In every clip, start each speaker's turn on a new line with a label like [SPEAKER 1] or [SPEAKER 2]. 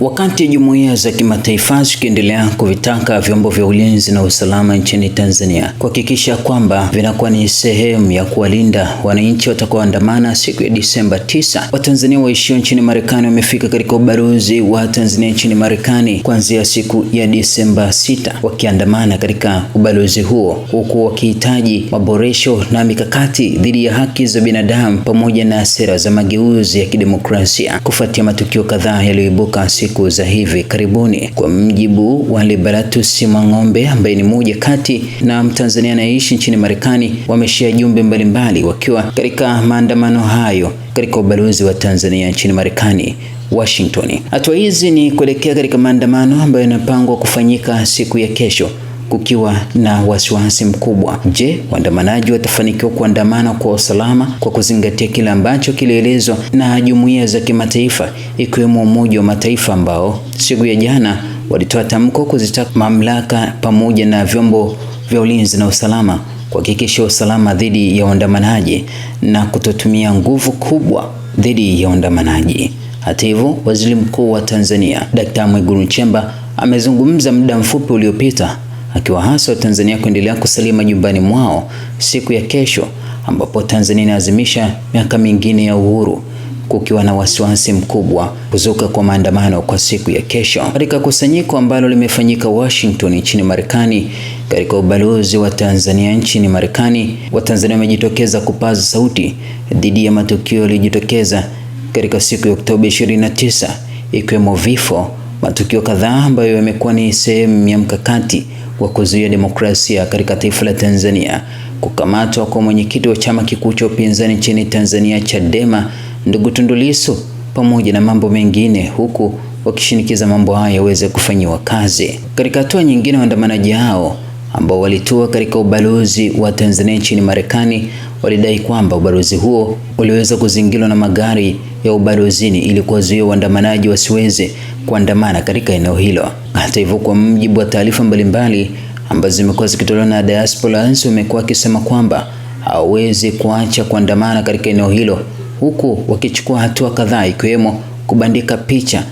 [SPEAKER 1] Wakati jumuiya za kimataifa zikiendelea kuvitaka vyombo vya ulinzi na usalama nchini Tanzania kuhakikisha kwamba vinakuwa ni sehemu ya kuwalinda wananchi watakaoandamana siku ya Disemba 9, Watanzania waishio nchini Marekani wamefika katika ubalozi wa Tanzania nchini Marekani kuanzia siku ya Disemba 6, wakiandamana katika ubalozi huo huku wakihitaji maboresho na mikakati dhidi ya haki za binadamu pamoja na sera za mageuzi ya kidemokrasia kufuatia matukio kadhaa yaliyoibuka siku siku za hivi karibuni. Kwa mjibu wa Liberatus Mwang'ombe ambaye ni mmoja kati na Mtanzania anayeishi nchini Marekani, wameshia jumbe mbalimbali wakiwa katika maandamano hayo katika ubalozi wa Tanzania nchini Marekani Washington. Hatua hizi ni kuelekea katika maandamano ambayo yanapangwa kufanyika siku ya kesho kukiwa na wasiwasi mkubwa. Je, waandamanaji watafanikiwa kuandamana kwa usalama kwa kuzingatia kile ambacho kilielezwa na jumuiya za kimataifa ikiwemo Umoja wa Mataifa ambao siku ya jana walitoa tamko kuzitaka mamlaka pamoja na vyombo vya ulinzi na usalama kuhakikisha usalama dhidi ya waandamanaji na kutotumia nguvu kubwa dhidi ya waandamanaji. Hata hivyo, Waziri Mkuu wa Tanzania Dkt. Mwigulu Nchemba amezungumza muda mfupi uliopita akiwaasa Watanzania kuendelea kusalia majumbani mwao siku ya kesho ambapo Tanzania inaadhimisha miaka mingine ya uhuru kukiwa na wasiwasi mkubwa kuzuka kwa maandamano kwa siku ya kesho. Katika kusanyiko ambalo limefanyika Washington nchini Marekani katika ubalozi wa Tanzania nchini Marekani, Watanzania wamejitokeza kupaza sauti dhidi ya matukio yaliyojitokeza katika siku ya Oktoba 29 ikiwemo vifo, matukio kadhaa ambayo yamekuwa ni sehemu ya mkakati wa kuzuia demokrasia katika taifa la Tanzania. Kukamatwa kwa mwenyekiti wa chama kikuu cha upinzani nchini Tanzania Chadema, ndugu Tundu Lissu, pamoja na mambo mengine, huku wakishinikiza mambo hayo yaweze kufanyiwa kazi. Katika hatua nyingine, waandamanaji hao ambao walitua katika ubalozi wa Tanzania nchini Marekani walidai kwamba ubalozi huo uliweza kuzingirwa na magari ya ubalozini ili kuwazuia waandamanaji wasiweze kuandamana katika eneo hilo. Hata hivyo, kwa mjibu wa taarifa mbalimbali ambazo zimekuwa zikitolewa na diaspora, wamekuwa wakisema kwamba hawawezi kuacha kuandamana katika eneo hilo, huku wakichukua hatua kadhaa ikiwemo kubandika picha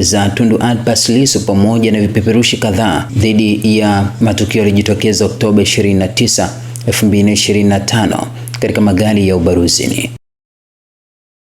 [SPEAKER 1] za Tundu Antipas Lissu pamoja na vipeperushi kadhaa dhidi ya matukio yalijitokeza Oktoba 29, 2025 katika magari ya ubaruzini.